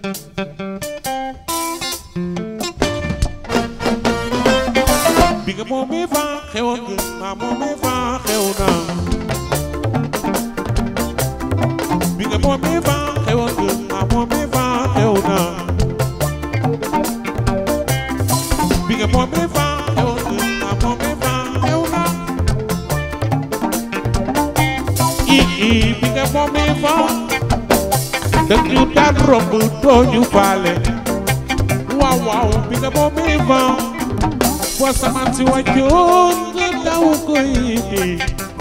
Mm-hmm. Europe don't you fale Wow wow big up me van Was a man to a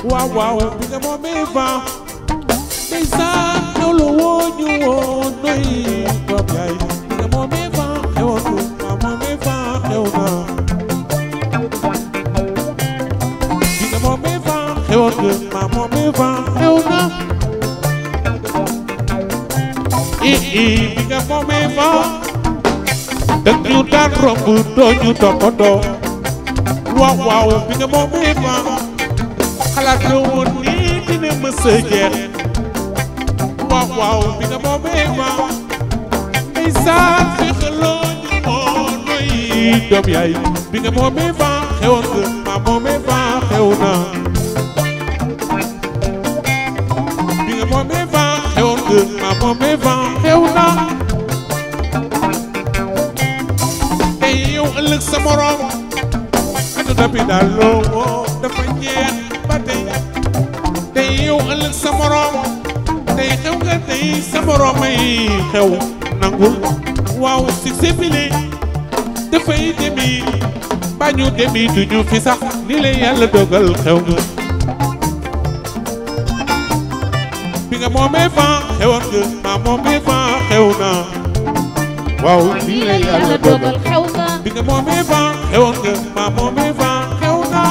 Wow wow big up me van They say no lo wo you won't know it Big up me van Yo mama me van Yo na Big up me van Yo mama me van Yo na ii bi nga moomee ma dëgg ñu daan romb doo ñu toppandoo waaw waaw bi nga moomee ma xalaat la woon nii dina mës a jeex waaw waaw bi nga moomee ma ay saat fexe loo ñu moonoy doom yaay bi nga moomee ma xewoon nga ma moomee ma xew na moome vent xew na te yow ëllëg sa morom adduna bi daal dafa ñeex ba tey te yow ëllëg sa morom tey xew nga tey sa morom ay xew nangul waaw succès bi le dafay demi ba ñu demi duñu fi sax ni la yàlla dogal xew pinga moome fa xewoon nga ma moome fa xew na waaw nii la yàlla dogal xew na pinga moome fa xewoon nga ma moome fa xew na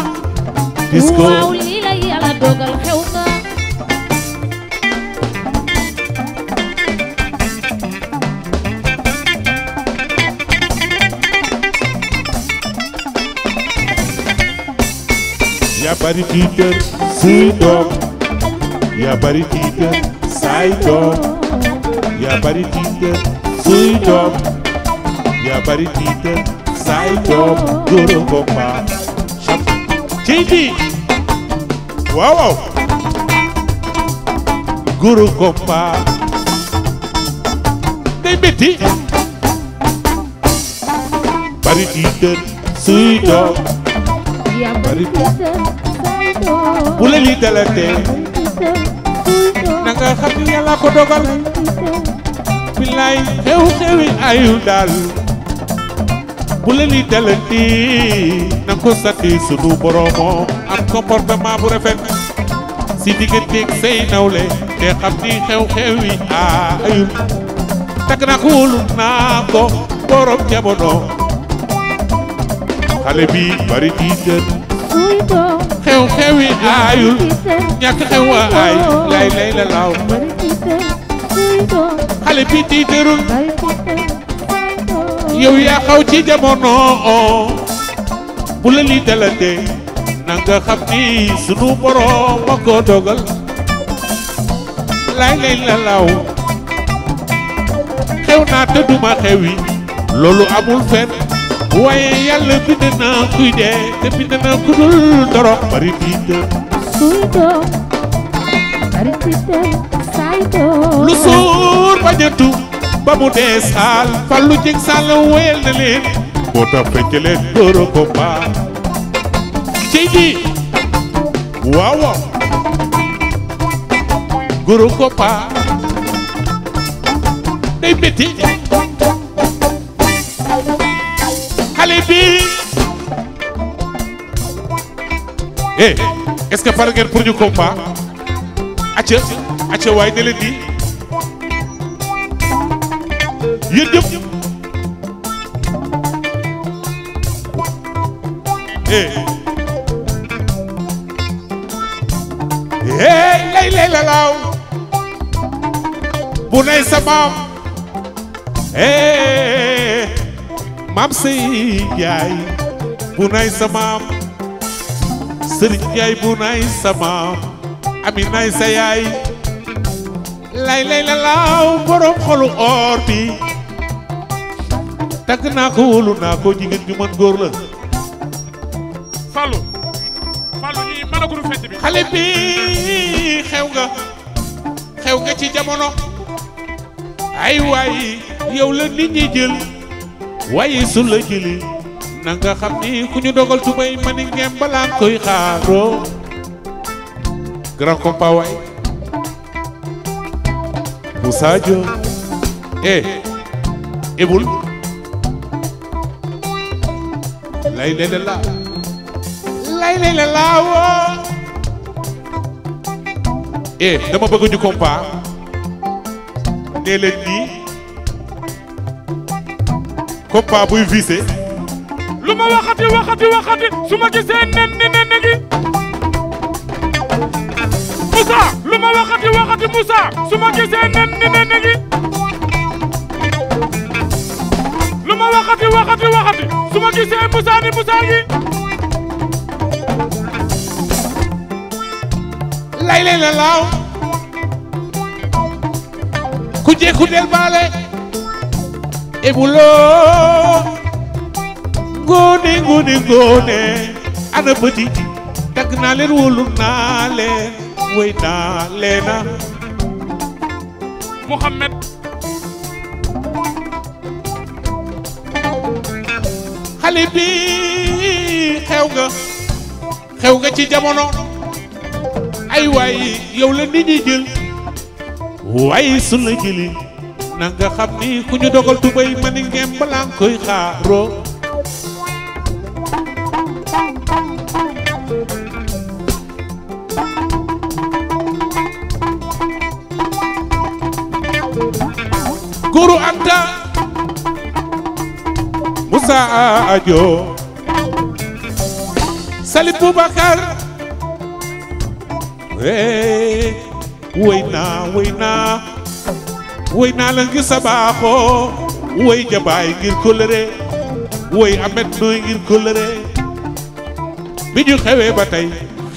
disco waaw nii la yàlla dogal xew na yaa bari tiitër si doom yaa bari tiita saay yaa bari tiita suy yaa bari tiita saay doom ma ciiti waaw waaw góor a bari tiita suy yaa bari tiita bu la lii na nga xam ni yàlla ko dogal billaay xew-xewi ayu daal bu leen di dalanti na ko sunu boromoo am comportement bu rafet si digganteeg say nawle te xam ni xew-xewi ayu takk na xuulu naa ko borom jamono xale bi bari di xew xewi aayul ñàkk xew wa lay lay la laaw xale bi tiitarul yow yaa xaw ci jamono bu la lii dalatee na nga xam ni sunu borom ma ko lay lay la laaw xew naa te duma xewi loolu amul fenn waaye yàlla bind na kuy dee te bind na ku dul doro bari tiita suy doom bari tiita saay doom lu suur bañatu ba mu dee saal lu jëg saal wéyal na leen boo tax fecc leen doro ko baal cey di waaw waaw Eh, eh est-ce que pare ngeen pour ñu combat acca acca waaye ne leen di yéen ñëpp eh eh, eh lay lay bu nay sa maam eh, eh maam sey yaay bu nay sa maam sëriñ yaay bu nay sama ami nay sa yaay lay lay la borom xolu or bi tagg naa ko wóolu naa ko jigéen ju mën góor la Fallou Fallou ñi mënagul fecc bi xale bi xew nga xew nga ci jamono ay waay yow la nit ñi jël waaye su la jëlee nga dogal su may nous grand compa way Musajo, eh ebul lay lay la lay eh dama bëgg ñu compa nee leen compa lu ma waxati waxati waxati su ma gisee nen ni nen gi Moussa lu ma waxati waxati Moussa su ma gisee nen ni nen gi lu ma waxati waxati waxati su ma gisee Moussa ni Moussa gi lay lay la ku jeeku del baale e g o n e g o n e g o n e ana p e t i t tak nalen wolu n a l e w e y nalena Mohamed m h a l i bi h e w g a h e w g a ci h jamono ay w a y yow la nit ñi jël w a y su la j i l i na nga h a m ni ku ñu dogal tubay ma ni ngeen balaa koy x a a r o góoru Anta Moussa Adio Sali Boubacar hey woy naa woy naa woy naa la ngir sa baaxoo woy jabaay ngir kóllëre woy amet nooy ngir kóllëre bi ñu xewee ba tey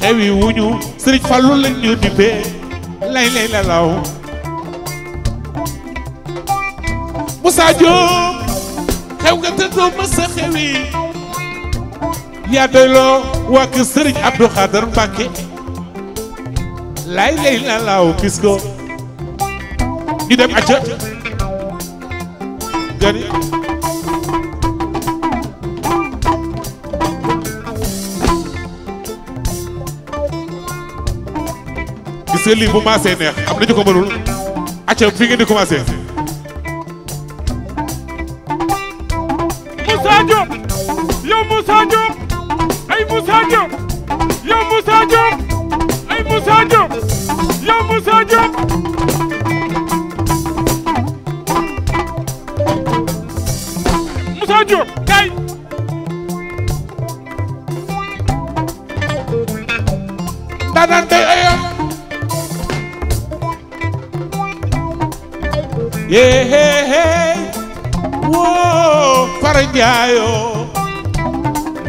xewi wuñu Sëriñ Fallu lañ ñu dippee lay lay la Moussa Diop xew nga tëddoo ma sa xewi yaa doyloo waa kër Serigne Abdou Khader Mbacke laay lay la laaw gis ko dem acca gani gis nga lii neex am na ñu ko mënul acca fi ngeen di commencé Moussa Diop yow Moussa Diop ay Moussa Diop yow Moussa Diop Moussa Diop kay danan day ayo yee hee hee woo fara njaayo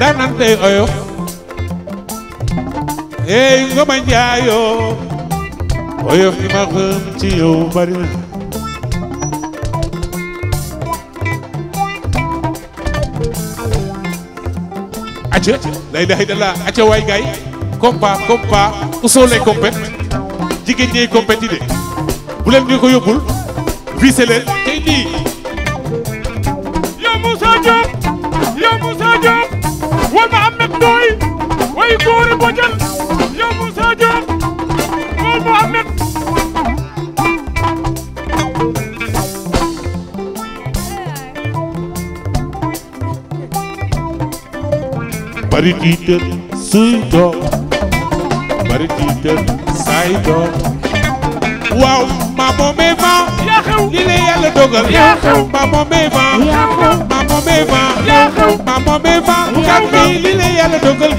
danan day ayo eey Ngoma Njaayoo oyof gi ma xam ci yow bari na acca lay daay dala acca waay gaay compa compa usoo lay compet jigéen ñey compet de bu leen ñu ko yóbbul viise leen tey nii yow Moussa wal ma am nag way góore bojal yow Moussa Diop xool Mohamed bari tiitar suy doom bari tiitar saay doom waaw maa moomee maa yaa xew li la yàlla dogal yaa xew maa moomee maa yaa xew maa moomee maa yaa xew maa moomee maa yaa xew li la yàlla dogal